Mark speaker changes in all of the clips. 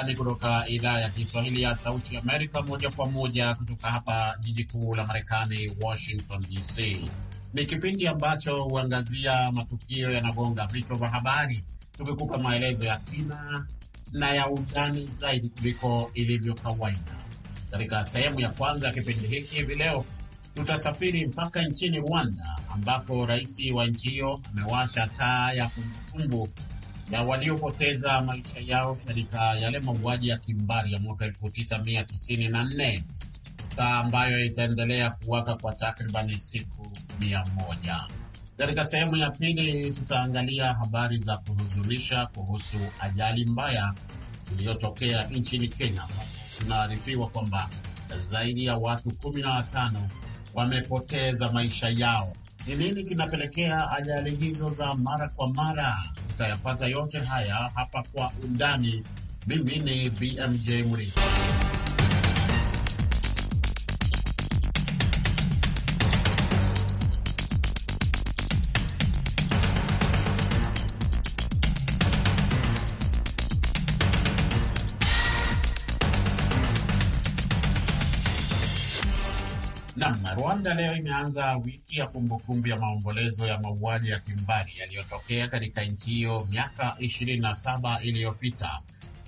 Speaker 1: Undani kutoka idhaa ya Kiswahili ya Sauti ya Amerika, moja kwa moja kutoka hapa jiji kuu la Marekani, Washington DC. Ni kipindi ambacho huangazia matukio yanagonga vichwa vya habari, tukikupa maelezo ya kina na ya undani zaidi kuliko ilivyo kawaida. Katika sehemu ya kwanza ya kipindi hiki hivi leo tutasafiri mpaka nchini Rwanda ambapo rais wa nchi hiyo amewasha taa ya kumbukumbu ya waliopoteza maisha yao katika yale mauaji ya kimbari ya mwaka 1994 taa ambayo itaendelea kuwaka kwa takribani siku mia moja. Katika sehemu ya pili tutaangalia habari za kuhuzunisha kuhusu ajali mbaya iliyotokea nchini Kenya. Tunaarifiwa kwamba zaidi ya watu 15 wamepoteza maisha yao ni nini kinapelekea ajali hizo za mara kwa mara? Utayapata yote haya hapa kwa undani. Mimi ni BMJ Mrii. Naam, Rwanda leo imeanza wiki ya kumbukumbu ya maombolezo ya mauaji ya kimbari yaliyotokea katika nchi hiyo miaka 27 iliyopita.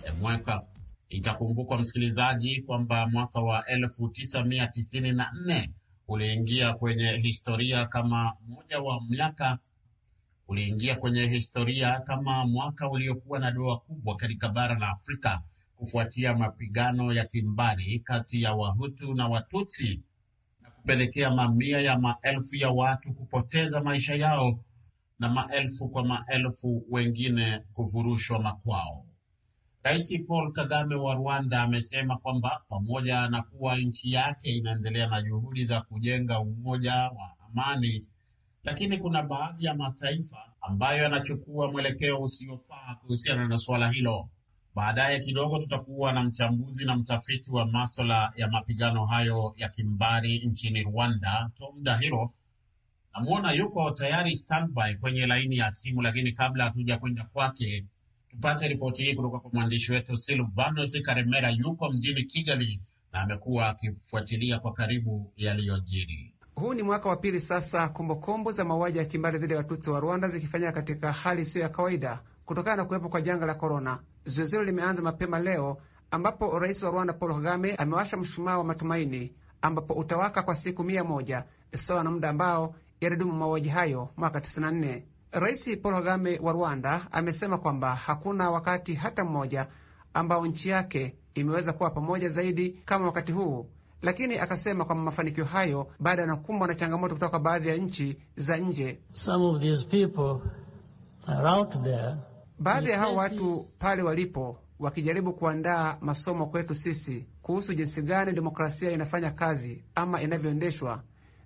Speaker 1: E, mwaka itakumbukwa msikilizaji, kwamba mwaka wa 1994 uliingia kwenye historia kama moja wa miaka uliingia kwenye historia kama mwaka uliokuwa na doa kubwa katika bara la Afrika kufuatia mapigano ya kimbari kati ya Wahutu na Watutsi kupelekea mamia ya maelfu ya watu kupoteza maisha yao na maelfu kwa maelfu wengine kufurushwa makwao. Rais Paul Kagame wa Rwanda amesema kwamba pamoja na kuwa nchi yake inaendelea na juhudi za kujenga umoja wa amani, lakini kuna baadhi ya mataifa ambayo yanachukua mwelekeo usiofaa kuhusiana na suala hilo. Baadaye kidogo tutakuwa na mchambuzi na mtafiti wa maswala ya mapigano hayo ya kimbari nchini Rwanda, Tom Dahiro. Namwona yuko tayari standby kwenye laini ya simu, lakini kabla hatuja kwenda kwake, tupate ripoti hii kutoka kwa mwandishi wetu Silvanus Karemera. Yuko mjini Kigali na amekuwa akifuatilia kwa karibu yaliyojiri.
Speaker 2: Huu ni mwaka wa pili sasa kumbukumbu za mauaji ya kimbari dhidi ya Watutsi wa Rwanda zikifanyika katika hali isiyo ya kawaida kutokana na kuwepo kwa janga la korona. Zoezi hilo limeanza mapema leo ambapo rais wa Rwanda Paul Kagame amewasha mshumaa wa matumaini ambapo utawaka kwa siku mia moja sawa na muda ambao yalidumu mauaji hayo mwaka 94. Rais Paul Kagame wa Rwanda amesema kwamba hakuna wakati hata mmoja ambao nchi yake imeweza kuwa pamoja zaidi kama wakati huu, lakini akasema kwamba mafanikio hayo baada ya nakumbwa na changamoto kutoka baadhi ya nchi za nje. Some of these people are out there baadhi ya hao watu pale walipo wakijaribu kuandaa masomo kwetu sisi kuhusu jinsi gani demokrasia inafanya kazi ama inavyoendeshwa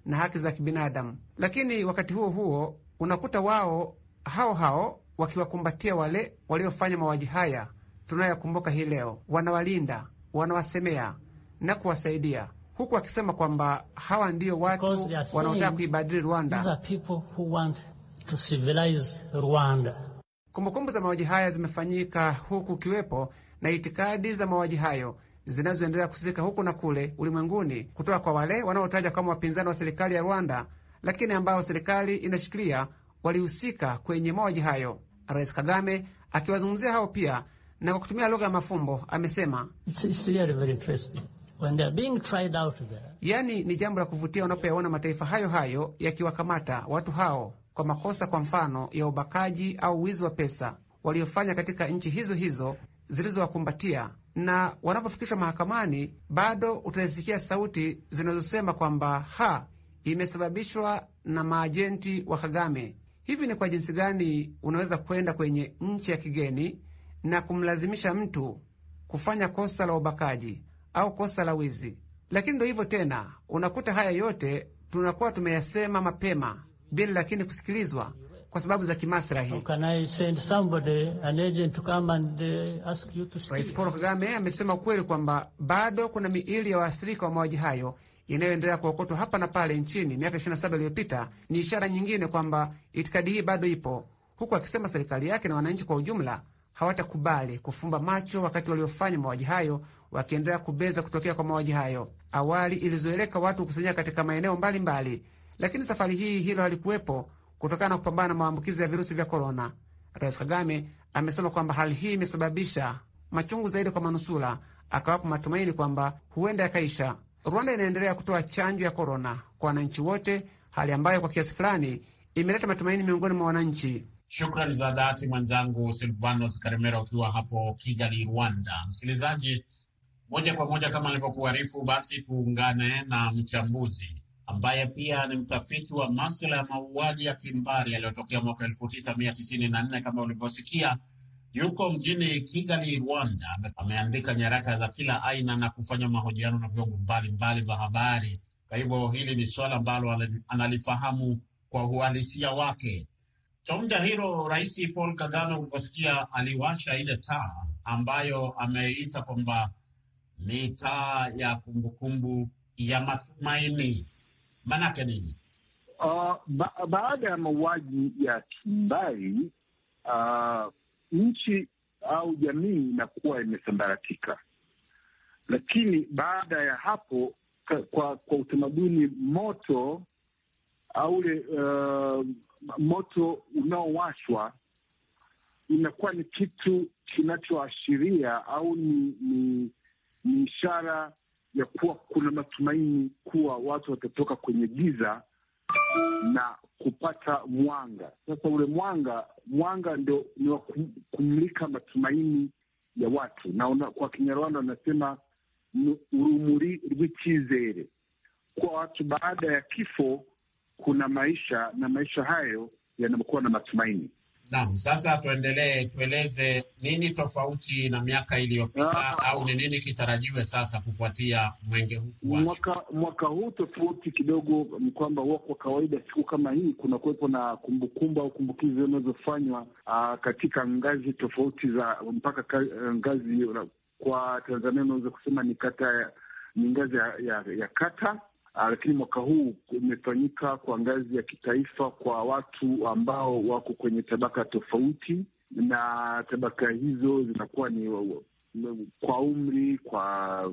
Speaker 2: na haki za kibinadamu, lakini wakati huo huo unakuta wao hao hao wakiwakumbatia wale waliofanya mauaji haya tunayoyakumbuka hii leo, wanawalinda, wanawasemea na kuwasaidia huku wakisema kwamba hawa ndiyo watu wanaotaka kuibadili Rwanda. Kumbukumbu za mauaji haya zimefanyika huku kiwepo na itikadi za mauaji hayo zinazoendelea kusisika huku na kule ulimwenguni kutoka kwa wale wanaotaja kama wapinzani wa serikali ya Rwanda, lakini ambao serikali inashikilia walihusika kwenye mauaji hayo. Rais Kagame akiwazungumzia hao pia na kwa kutumia lugha ya mafumbo amesema it's, it's really Yani ni jambo la kuvutia unapoyaona mataifa hayo hayo yakiwakamata watu hao kwa makosa kwa mfano ya ubakaji au wizi wa pesa waliofanya katika nchi hizo hizo zilizowakumbatia, na wanapofikishwa mahakamani bado utaisikia sauti zinazosema kwamba ha, imesababishwa na maajenti wa Kagame. Hivi ni kwa jinsi gani unaweza kwenda kwenye nchi ya kigeni na kumlazimisha mtu kufanya kosa la ubakaji au kosa la wizi? Lakini ndo hivyo tena, unakuta haya yote tunakuwa tumeyasema mapema bila lakini kusikilizwa kwa sababu za kimaslahi. Eh, Rais Paul Kagame amesema kweli kwamba bado kuna miili ya waathirika wa mauaji hayo inayoendelea kuokotwa hapa na pale nchini miaka 27 iliyopita ni ishara nyingine kwamba itikadi hii bado ipo, huku akisema serikali yake na wananchi kwa ujumla hawatakubali kufumba macho wakati waliofanya mauaji hayo wakiendelea kubeza kutokea kwa mauaji hayo. Awali ilizoeleka watu kukusanyika katika maeneo mbalimbali lakini safari hii hilo halikuwepo kutokana na kupambana na maambukizi ya virusi vya korona. Rais Kagame amesema kwamba hali hii imesababisha machungu zaidi kwa manusula akawapo matumaini kwamba huenda yakaisha. Rwanda inaendelea kutoa chanjo ya korona kwa wananchi wote, hali ambayo kwa kiasi fulani imeleta matumaini miongoni mwa wananchi.
Speaker 1: Shukrani za dhati mwenzangu Silvanos Karimera ukiwa hapo Kigali, Rwanda. Msikilizaji, moja kwa moja kama alivyokuarifu, basi tuungane na mchambuzi ambaye pia ni mtafiti wa maswala ya mauaji ya kimbari yaliyotokea mwaka 1994 kama ulivyosikia, yuko mjini Kigali, Rwanda. Ameandika nyaraka za kila aina na kufanya mahojiano na vyombo mbalimbali vya habari. Kwa hivyo hili ni suala ambalo analifahamu kwa uhalisia wake. Kaunda hilo, Rais Paul Kagame ulivyosikia, aliwasha ile taa ambayo ameita kwamba ni taa ya kumbukumbu ya matumaini Manake nini?
Speaker 3: Uh, ba baada ya mauaji ya kimbari uh, nchi au jamii inakuwa imesambaratika, lakini baada ya hapo kwa, kwa utamaduni moto au ule uh, ah, moto unaowashwa inakuwa ni kitu kinachoashiria au ni, ni, ni ishara ya kuwa kuna matumaini kuwa watu watatoka kwenye giza na kupata mwanga. Sasa ule mwanga mwanga ndio ni wa kumulika matumaini ya watu na una, kwa Kinyarwanda wanasema urumuri rw'ikizere, kuwa watu baada ya kifo kuna maisha na maisha hayo yanakuwa na matumaini.
Speaker 1: Naam, sasa tuendelee, tueleze nini tofauti na miaka iliyopita au ni nini kitarajiwe sasa kufuatia mwenge huu? Mwaka,
Speaker 3: mwaka huu tofauti kidogo ni kwamba huwa kwa kawaida siku kama hii kuna kuwepo na kumbukumbu au kumbukizi zinazofanywa ah, katika ngazi tofauti za mpaka ka, ngazi kwa Tanzania unaweza kusema ni kata ni ngazi ya, ya, ya kata Ah, lakini mwaka huu umefanyika kwa ngazi ya kitaifa kwa watu ambao wako kwenye tabaka tofauti, na tabaka hizo zinakuwa ni kwa umri, kwa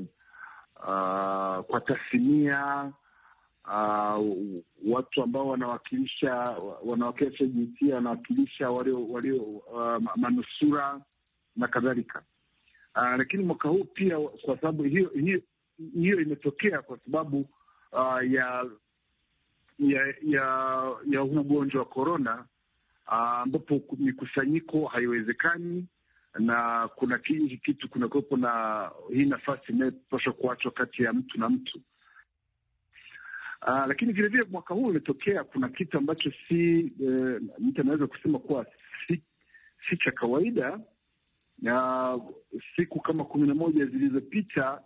Speaker 3: uh, kwa tasnia uh, watu ambao wanawakilisha wanawakilisha jinsia, wanawakilisha walio walio uh, manusura na kadhalika. Uh, lakini mwaka huu pia kwa sababu hiyo hiyo hiyo imetokea kwa sababu uh, ya ya ya ya huu ugonjwa wa korona uh, ambapo uh, mikusanyiko haiwezekani na kuna kingi kitu kunakuwepo na hii nafasi inayopashwa kuachwa kati ya mtu na mtu uh, lakini vilevile mwaka huu umetokea kuna kitu ambacho si eh, mtu anaweza kusema kuwa si, si cha kawaida. Na uh, siku kama kumi na moja zilizopita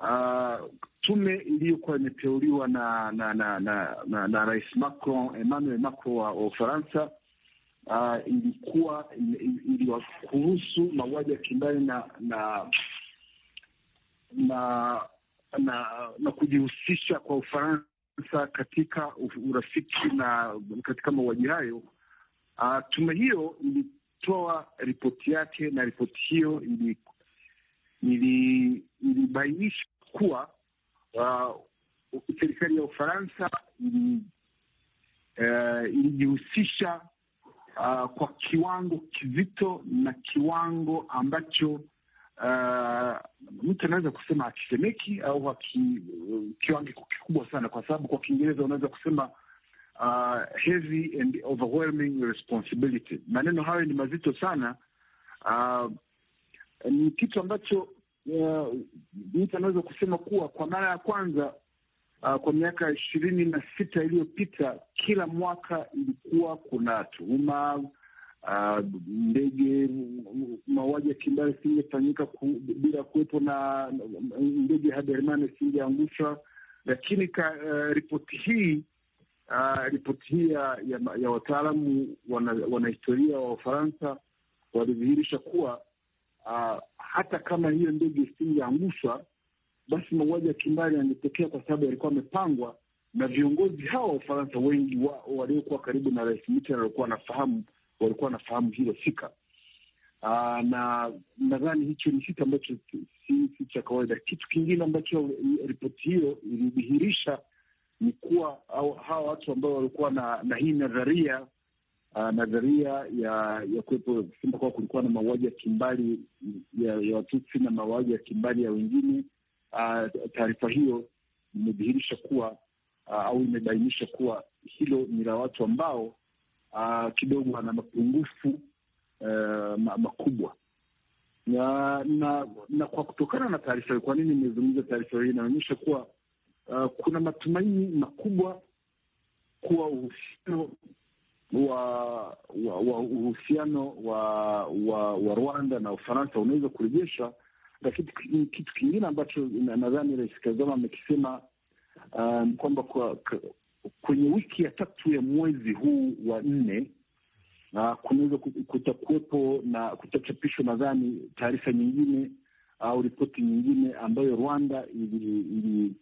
Speaker 3: uh, tume iliyokuwa imeteuliwa na na na, na, na, na Rais Macron, Emmanuel Macron wa Ufaransa uh, ilikuwa iliwakuruhusu mauaji ya kimbari na na na na, na kujihusisha kwa Ufaransa katika urafiki na katika mauaji hayo. Uh, tume hiyo ilitoa ripoti yake na ripoti hiyo ilibainisha kuwa uh, serikali ya Ufaransa uh, ilijihusisha uh, uh, kwa kiwango kizito na kiwango ambacho Uh, mtu anaweza kusema akisemeki au haki, uh, kiwango kikubwa sana, kwa sababu kwa Kiingereza unaweza kusema uh, heavy and overwhelming responsibility. Maneno hayo ni mazito sana uh, ni kitu ambacho uh, mtu anaweza kusema kuwa kwa mara ya kwanza uh, kwa miaka ishirini na sita iliyopita kila mwaka ilikuwa kuna tuhuma Uh, ndege mauaji ya kimbari isingefanyika bila kuwepo na ndege ya Haberman isingeangushwa, lakini uh, ripoti hii uh, ripoti hii ya, ya, ya wataalamu wanahistoria wana wa Ufaransa walidhihirisha kuwa uh, hata kama hiyo ndege isingeangushwa, basi mauaji ya kimbari yangetokea, kwa sababu yalikuwa amepangwa na viongozi hawa wa Ufaransa. Wengi waliokuwa karibu na Rais Mitterrand walikuwa wanafahamu, walikuwa wanafahamu hilo fika ah, na nadhani hicho ni kitu ambacho si, si cha kawaida. Kitu kingine ambacho ripoti hiyo ilidhihirisha ni kuwa hawa watu ambao walikuwa na, na hii nadharia uh, nadharia ya ya kuwepo kusema kuwa kulikuwa na mauaji ya kimbali ya, ya Watutsi na mauaji ya kimbali ya wengine. Uh, taarifa hiyo imedhihirisha kuwa uh, au imebainisha kuwa hilo ni la watu ambao uh, kidogo wana mapungufu uh, makubwa na, na, na kwa kutokana na taarifa hiyo, kwa nini nimezungumza taarifa hiyo, inaonyesha kuwa uh, kuna matumaini makubwa kuwa uhusiano wa uhusiano wa wa, wa wa Rwanda na Ufaransa unaweza kurejesha, lakini kitu kingine ambacho nadhani Rais Kagame amekisema um, kwamba kwa, kwenye wiki ya tatu ya mwezi huu wa nne uh, kunaweza kutakuwepo na kutachapishwa nadhani taarifa nyingine au ripoti nyingine ambayo Rwanda ili, ili,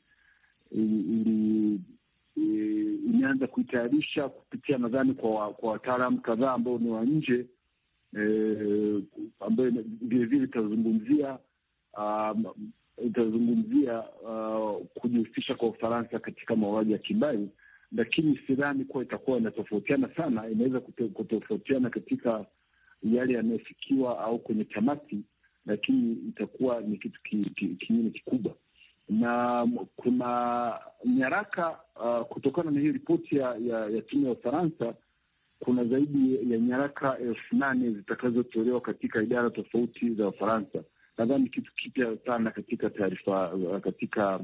Speaker 3: ili, ili E, imeanza kuitayarisha kupitia nadhani kwa kwa wataalamu kadhaa ambao ni wa nje e, ambayo vilevile itazungumzia um, itazungumzia uh, kujihusisha kwa Ufaransa katika mauaji ya kimbari, lakini sidhani kuwa itakuwa inatofautiana sana. Inaweza kutofautiana katika yale yanayofikiwa au kwenye tamati, lakini itakuwa ni kitu kingine kikubwa ki, ki, ki, ki, na kuna nyaraka uh, kutokana na hii ripoti ya, ya, ya tume ya Ufaransa, kuna zaidi ya nyaraka elfu nane zitakazotolewa katika idara tofauti za Ufaransa. Nadhani kitu kipya sana katika taarifa uh, katika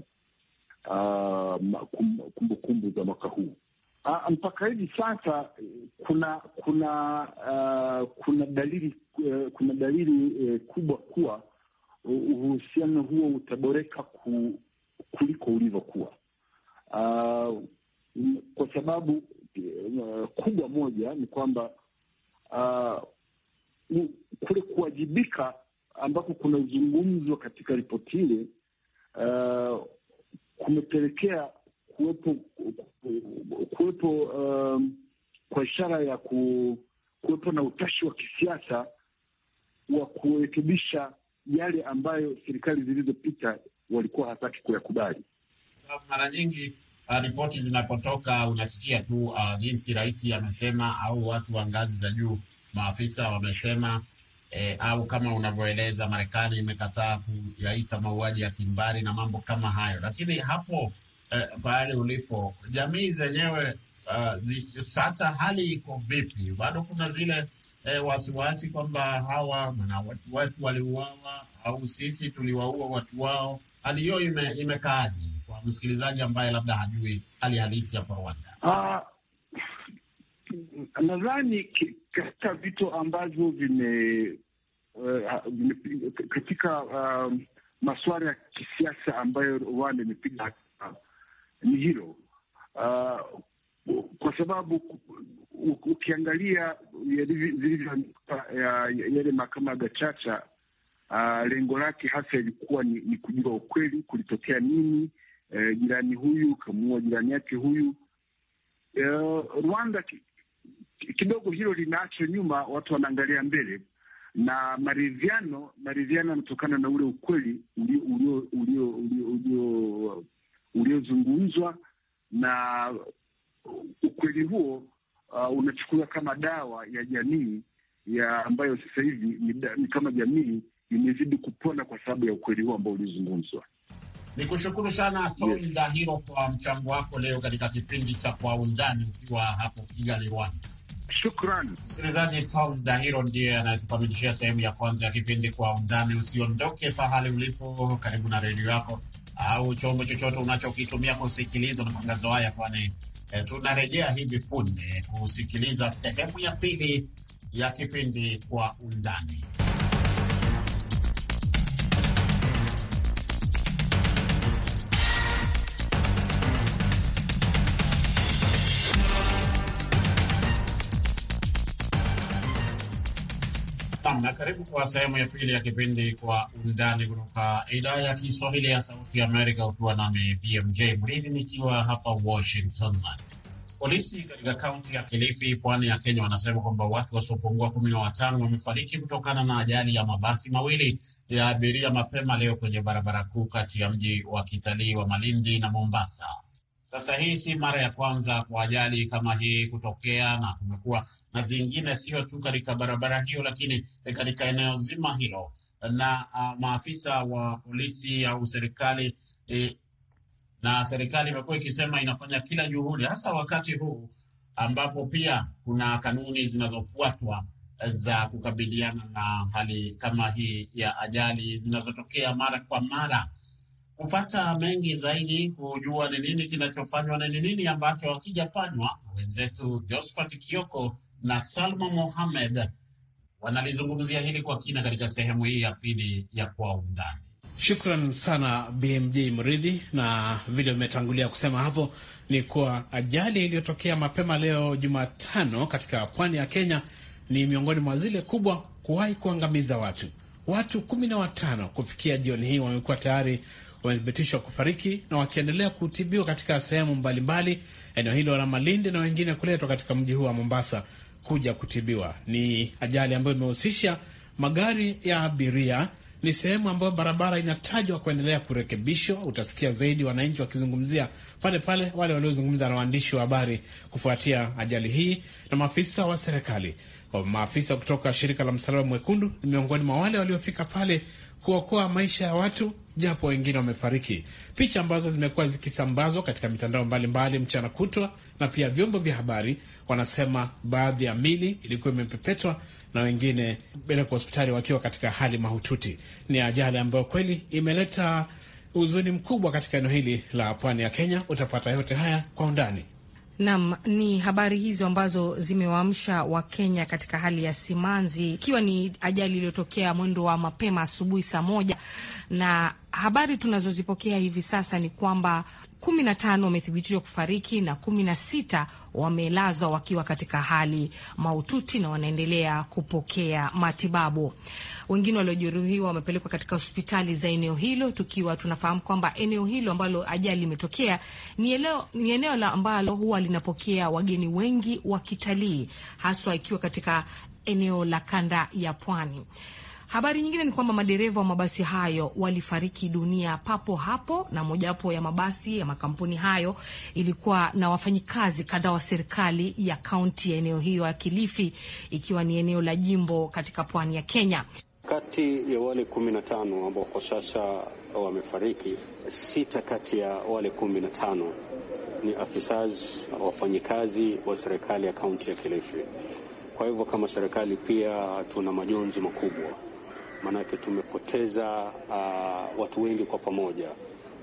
Speaker 3: uh, kumbukumbu kumbu za mwaka huu uh, mpaka hivi sasa kuna kuna uh, kuna dalili uh, kuna dalili uh, kubwa kuwa uhusiano huo utaboreka ku, kuliko ulivyokuwa uh, kwa sababu eh, kubwa moja ni kwamba uh, kule kuwajibika ambako kunazungumzwa katika ripoti ile uh, kumepelekea kuwepo kuwepo uh, kwa ishara ya ku, kuwepo na utashi wa kisiasa wa kurekebisha yale ambayo serikali zilizopita walikuwa hataki kuyakubali.
Speaker 1: Mara nyingi uh, ripoti zinapotoka unasikia tu uh, jinsi rais amesema au watu wa ngazi za juu maafisa wamesema eh, au kama unavyoeleza Marekani imekataa kuyaita mauaji ya kimbari na mambo kama hayo, lakini hapo pale eh, ulipo jamii zenyewe uh, zi, sasa hali iko vipi? Bado kuna zile eh, wasiwasi kwamba hawa na watu wetu waliuawa au sisi tuliwaua watu wao. Hali hiyo ime, imekaaji kwa msikilizaji ambaye labda hajui hali halisi hapa Rwanda?
Speaker 4: Uh,
Speaker 3: nadhani katika vitu ambavyo vime Uh, katika um, masuala ya kisiasa ambayo Rwanda imepiga ni hilo uh, kwa sababu ukiangalia zilivyoandikwa uh, yale mahakama ya Gachacha, uh, lengo lake hasa ilikuwa ni, ni kujua ukweli, kulitokea nini, eh, jirani huyu kamuua jirani yake huyu. Uh, Rwanda kidogo hilo linaachwa nyuma, watu wanaangalia mbele na maridhiano. Maridhiano yanatokana na ule ukweli uliozungumzwa na ukweli huo uh, unachukuliwa kama dawa ya jamii ya ambayo sasa hivi ni kama jamii imezidi kupona kwa sababu ya ukweli huo ambao ulizungumzwa.
Speaker 1: Ni kushukuru sana Tony yes, Dahiro kwa mchango wako leo katika kipindi cha Kwa Undani ukiwa hapo Kigali, Rwanda. Shukran msikilizaji. Tom Dahiro ndiye anayetukamilishia sehemu ya kwanza ya kipindi Kwa Undani. Usiondoke pahali ulipo, karibu na redio yako au chombo chochote unachokitumia kusikiliza matangazo haya, kwani E, tunarejea hivi punde kusikiliza sehemu ya pili ya kipindi kwa undani. na karibu kwa sehemu ya pili ya kipindi Kwa Undani kutoka idhaa ya Kiswahili ya Sauti ya Amerika, ukiwa nami BMJ Mridhi nikiwa hapa Washington. Polisi katika kaunti ya Kilifi, pwani ya Kenya, wanasema kwamba watu wasiopungua kumi na watano wamefariki kutokana na ajali ya mabasi mawili ya abiria mapema leo kwenye barabara kuu kati ya mji wa kitalii wa Malindi na Mombasa. Sasa hii si mara ya kwanza kwa ajali kama hii kutokea, na kumekuwa na zingine, sio tu katika barabara hiyo, lakini katika eneo zima hilo, na uh, maafisa wa polisi au serikali eh, na serikali imekuwa ikisema inafanya kila juhudi, hasa wakati huu ambapo pia kuna kanuni zinazofuatwa za kukabiliana na hali kama hii ya ajali zinazotokea mara kwa mara kupata mengi zaidi, kujua ni nini kinachofanywa na ni nini ambacho hakijafanywa, wenzetu Josphat Kioko na Salma Mohamed wanalizungumzia hili kwa kina katika sehemu hii ya pili ya Kwa
Speaker 5: Undani. Shukran sana BMJ Mridhi, na vile umetangulia kusema hapo ni kuwa ajali iliyotokea mapema leo Jumatano katika pwani ya Kenya ni miongoni mwa zile kubwa kuwahi kuangamiza watu. Watu kumi na watano kufikia jioni hii wamekuwa tayari wamethibitishwa kufariki na wakiendelea kutibiwa katika sehemu mbalimbali eneo hilo la Malindi na wengine kuletwa katika mji huu wa Mombasa kuja kutibiwa. Ni ajali ambayo imehusisha magari ya abiria. Ni sehemu ambayo barabara inatajwa kuendelea kurekebishwa. Utasikia zaidi wananchi wakizungumzia pale pale, wale waliozungumza na waandishi wa habari kufuatia ajali hii na maafisa wa serikali. Maafisa kutoka shirika la Msalaba Mwekundu ni miongoni mwa wale waliofika pale kuokoa maisha ya watu japo wengine wamefariki. Picha ambazo zimekuwa zikisambazwa katika mitandao mbalimbali mchana kutwa na pia vyombo vya habari, wanasema baadhi ya mili ilikuwa imepepetwa na wengine pelekwa hospitali wakiwa katika hali mahututi. Ni ajali ambayo kweli imeleta huzuni mkubwa katika eneo hili la pwani ya Kenya. Utapata yote haya kwa undani
Speaker 6: Nam, ni habari hizo ambazo zimewaamsha Wakenya katika hali ya simanzi, ikiwa ni ajali iliyotokea mwendo wa mapema asubuhi saa moja, na habari tunazozipokea hivi sasa ni kwamba kumi na tano wamethibitishwa kufariki na sita wamelazwa wakiwa katika hali mahututi na wanaendelea kupokea matibabu. Wengine waliojeruhiwa wamepelekwa katika hospitali za eneo hilo, tukiwa tunafahamu kwamba eneo hilo ambalo ajali imetokea ni eneo la ambalo huwa linapokea wageni wengi wa kitalii, haswa ikiwa katika eneo la kanda ya pwani. Habari nyingine ni kwamba madereva wa mabasi hayo walifariki dunia papo hapo, na mojawapo ya mabasi ya makampuni hayo ilikuwa na wafanyikazi kadhaa wa serikali ya kaunti ya eneo hiyo ya Kilifi, ikiwa ni eneo la jimbo katika pwani ya Kenya.
Speaker 5: Kati ya wale kumi na tano ambao kwa sasa wamefariki, sita kati ya wale kumi na tano ni afisa wafanyikazi wa serikali ya kaunti ya Kilifi. Kwa hivyo kama serikali pia tuna majonzi makubwa maanake tumepoteza uh, watu wengi kwa pamoja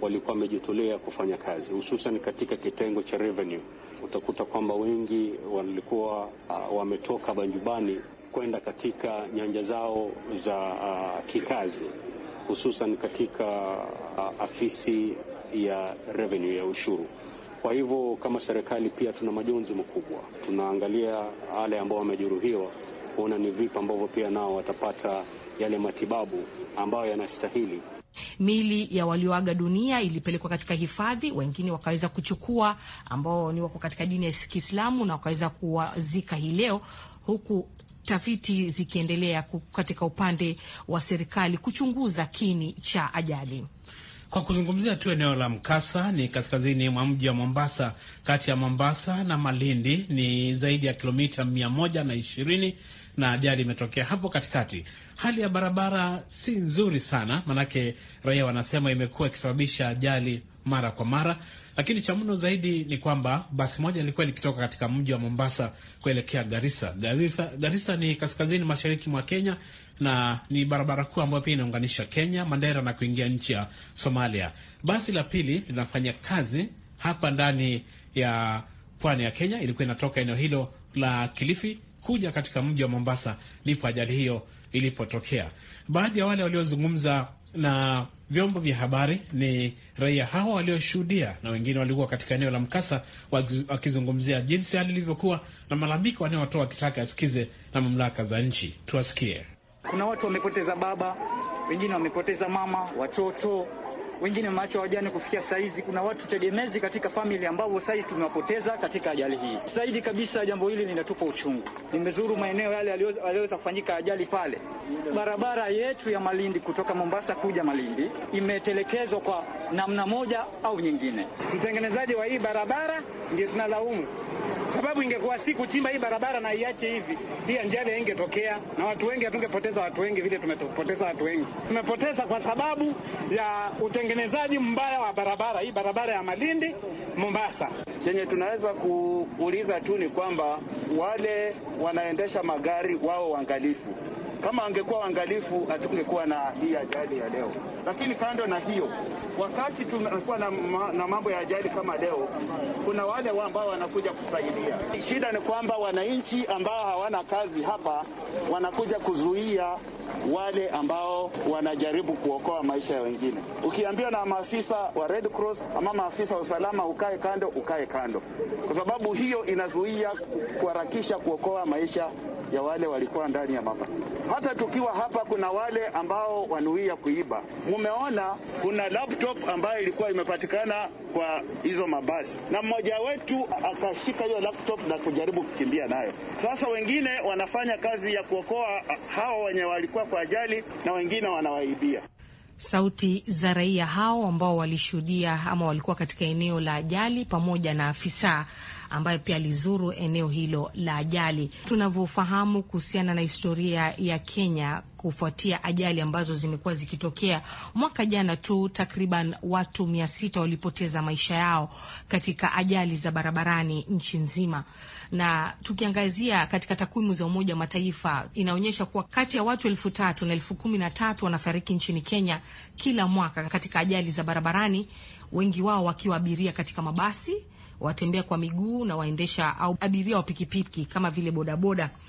Speaker 5: walikuwa wamejitolea kufanya kazi hususan katika kitengo cha revenue. Utakuta kwamba wengi walikuwa uh, wametoka banjubani kwenda katika nyanja zao za uh, kikazi hususan katika uh, afisi ya revenue ya ushuru. Kwa hivyo kama serikali pia tuna majonzi makubwa, tunaangalia wale ambao wamejeruhiwa kuona ni vipi ambavyo pia nao watapata yale matibabu ambayo yanastahili.
Speaker 6: Mili ya walioaga dunia ilipelekwa katika hifadhi, wengine wakaweza kuchukua, ambao ni wako katika dini ya Kiislamu na wakaweza kuwazika hii leo, huku tafiti zikiendelea katika upande wa serikali kuchunguza kini cha ajali.
Speaker 5: Kwa kuzungumzia tu eneo la mkasa, ni kaskazini mwa mji wa Mombasa. Kati ya Mombasa na Malindi ni zaidi ya kilomita mia moja na ishirini na ajali imetokea hapo katikati hali ya barabara si nzuri sana, manake raia wanasema imekuwa ikisababisha ajali mara kwa mara, lakini cha mno zaidi ni kwamba basi moja lilikuwa likitoka katika mji wa Mombasa kuelekea Garissa. Garissa, Garissa ni kaskazini mashariki mwa Kenya na ni barabara kuu ambayo pia inaunganisha Kenya, Mandera na kuingia nchi ya Somalia. Basi la pili linafanya kazi hapa ndani ya pwani ya Kenya, ilikuwa inatoka eneo hilo la Kilifi kuja katika mji wa Mombasa, ndipo ajali hiyo ilipotokea. Baadhi ya wale waliozungumza na vyombo vya habari ni raia hawa walioshuhudia, na wengine walikuwa katika eneo la mkasa wakizungumzia jinsi hali ilivyokuwa na malalamiko wanayotoa wakitaka asikize na mamlaka za nchi. Tuwasikie. Kuna watu wamepoteza baba, wengine wamepoteza mama, watoto wengine macho hawajani kufikia saizi. Kuna watu tegemezi katika famili ambao saizi tumewapoteza katika ajali hii. Zaidi kabisa, jambo hili linatupa uchungu. Nimezuru maeneo yale yaliyoweza kufanyika ajali pale. Barabara yetu ya Malindi kutoka Mombasa kuja Malindi imetelekezwa kwa namna moja au nyingine. Mtengenezaji wa hii barabara ndiye tunalaumu sababu ingekuwa si kuchimba hii barabara na iache hivi, pia njale ingetokea na watu wengi hatungepoteza watu wengi vile tumepoteza watu wengi. Tumepoteza kwa sababu ya utengenezaji mbaya wa barabara hii, barabara ya Malindi
Speaker 1: Mombasa. Chenye tunaweza kuuliza tu ni kwamba wale wanaendesha magari wao uangalifu kama angekuwa waangalifu, hatungekuwa na hii ajali ya leo. Lakini kando na hiyo, wakati tunakuwa na, na mambo ya ajali kama leo, kuna wale ambao wanakuja kusaidia. Shida ni kwamba wananchi ambao hawana kazi hapa wanakuja kuzuia wale ambao wanajaribu kuokoa maisha ya wengine. Ukiambiwa na maafisa wa Red Cross ama maafisa wa usalama ukae kando, ukae kando, kwa sababu hiyo inazuia kuharakisha kuokoa maisha ya wale walikuwa ndani ya mabasi. Hata tukiwa hapa, kuna wale ambao wanuia kuiba. Mumeona kuna laptop ambayo ilikuwa imepatikana kwa hizo mabasi, na mmoja wetu akashika hiyo laptop na kujaribu kukimbia nayo. Sasa wengine wanafanya kazi ya kuokoa hao wenye walikuwa kwa ajali, na wengine wanawaibia.
Speaker 6: Sauti za raia hao ambao walishuhudia ama walikuwa katika eneo la ajali pamoja na afisa ambaye pia alizuru eneo hilo la ajali. Tunavyofahamu kuhusiana na historia ya Kenya kufuatia ajali ambazo zimekuwa zikitokea, mwaka jana tu takriban watu mia sita walipoteza maisha yao katika ajali za barabarani nchi nzima na tukiangazia katika takwimu za Umoja wa Mataifa inaonyesha kuwa kati ya watu elfu tatu na elfu kumi na tatu wanafariki nchini Kenya kila mwaka katika ajali za barabarani, wengi wao wakiwa abiria katika mabasi watembea kwa miguu na waendesha au abiria wa pikipiki kama vile bodaboda. boda.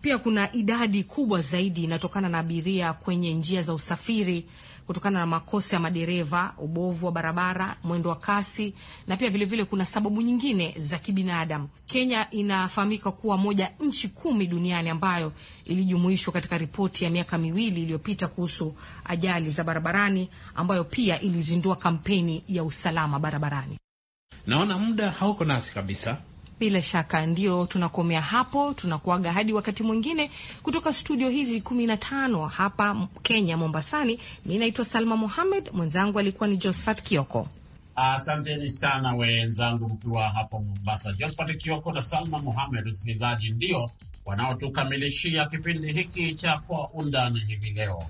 Speaker 6: Pia kuna idadi kubwa zaidi inatokana na abiria kwenye njia za usafiri kutokana na makosa ya madereva, ubovu wa barabara, mwendo wa kasi, na pia vilevile vile kuna sababu nyingine za kibinadamu. Kenya inafahamika kuwa moja nchi kumi duniani ambayo ilijumuishwa katika ripoti ya miaka miwili iliyopita kuhusu ajali za barabarani ambayo pia ilizindua kampeni ya usalama barabarani
Speaker 5: naona muda hauko nasi kabisa.
Speaker 6: Bila shaka ndio tunakomea hapo, tunakuaga hadi wakati mwingine, kutoka studio hizi 15 hapa Kenya, Mombasani. Mi naitwa Salma Mohamed, mwenzangu alikuwa ni Josphat Kioko.
Speaker 1: Asanteni sana wenzangu, mkiwa hapo Mombasa, Josphat Kioko na Salma Mohamed. Msikilizaji, ndio wanaotukamilishia kipindi hiki cha Kwa Undani hivi leo.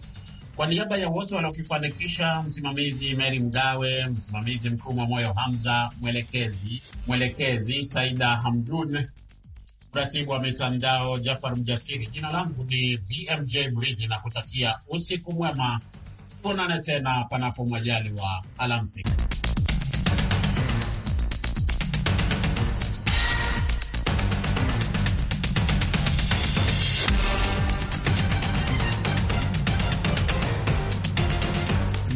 Speaker 1: Kwa niaba ya wote waliokifanikisha, msimamizi Meri Mgawe, msimamizi mkuu Mwamoyo Hamza, mwelekezi mwelekezi Saida Hamdun, mratibu wa mitandao Jafar Mjasiri. Jina langu ni BMJ Mridhi na kutakia usiku mwema, tuonane tena panapo majaliwa. Alamsiki.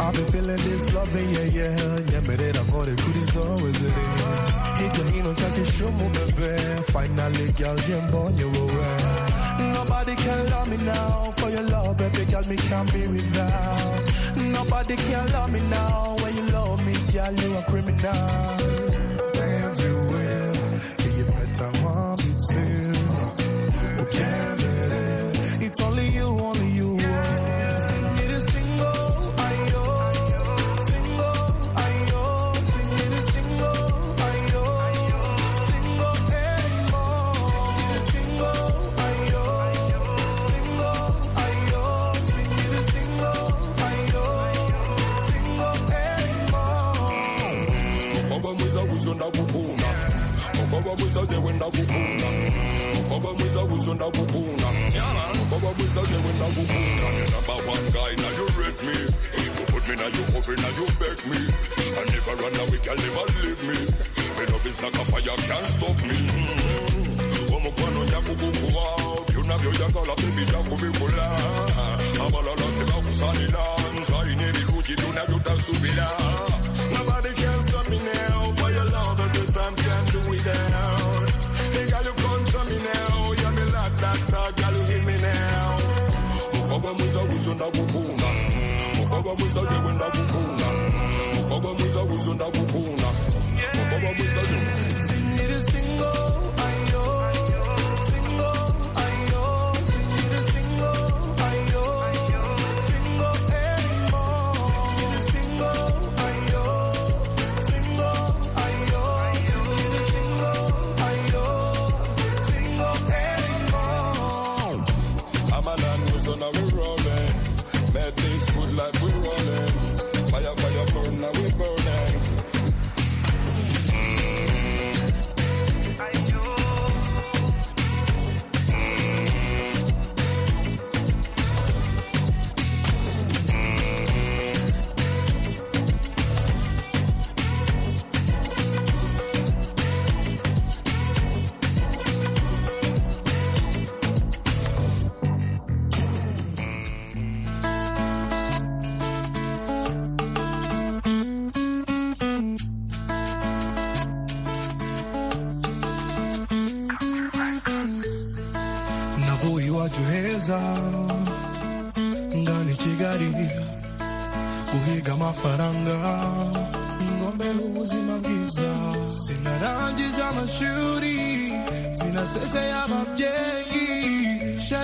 Speaker 7: I've been feeling this loving, yeah, yeah. Nyemere always more kuri zowezere. Hika hino chake shumu bebe. Finally, girl, you're jembonye wewe. Nobody can love me now for your love, baby girl, me can't be without. Nobody can love me now when you love me, girl, you a criminal. Damn, you will, you better want me to. Oh, okay, it? It's only you
Speaker 4: mwizaje wenda number one guy now you rate me you put me now you over now you beg me I never run away can never leave me my love is like a fire can't stop me omukwano nyakukukuwa byonna byoyagala bebijja kubikola abalala tebakusalira nzaine ebirungi byonna byotasuubira nobody can stop me now man can do without. Hey, girl, you come to me now. You're the lad that girl, you hear me now. Mukaba muza wuzunda kupuna. Mukaba muza jewenda kupuna. Mukaba muzo wuzunda kupuna. Mukaba muza jewenda kupuna. Sing it a single.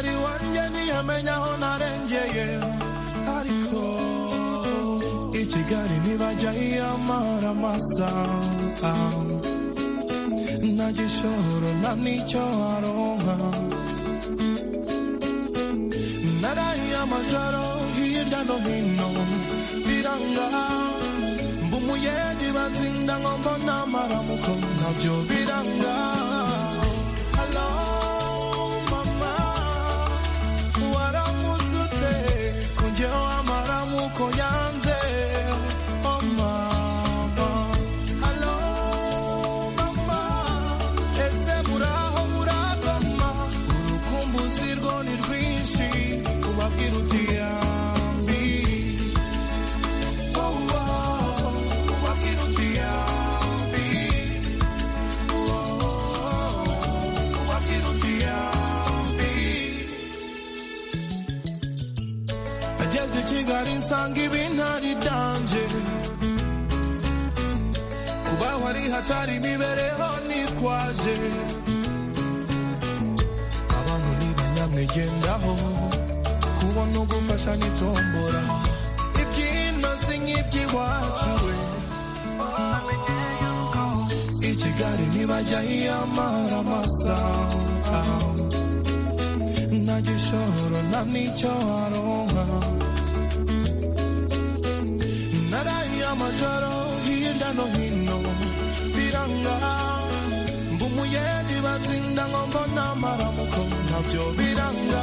Speaker 7: umuteri wanjye ntiyamenya aho narengeye ariko i kigali ntibajya yiyamara amasa nta gishoro nta n'icyo waronka narahiye amajoro hirya no hino biranga mba umuyedi batsinda ngo mbona amaramuko nabyo biranga dance and giving her the dance. Kubahari hatari mibere honi kwaje. Abantu ni banyamwigendaho kubona ugufasha n'itombora iby'inozi nk'iby'iwacu we i kigali ntibajya hiyamara amasaha nta gishoro nta n'icyo aronka Majaro, hirya no hino biranga mba umuyeyi batsinda ngo mbone amaramuko ntabyo biranga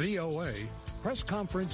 Speaker 3: VOA press conference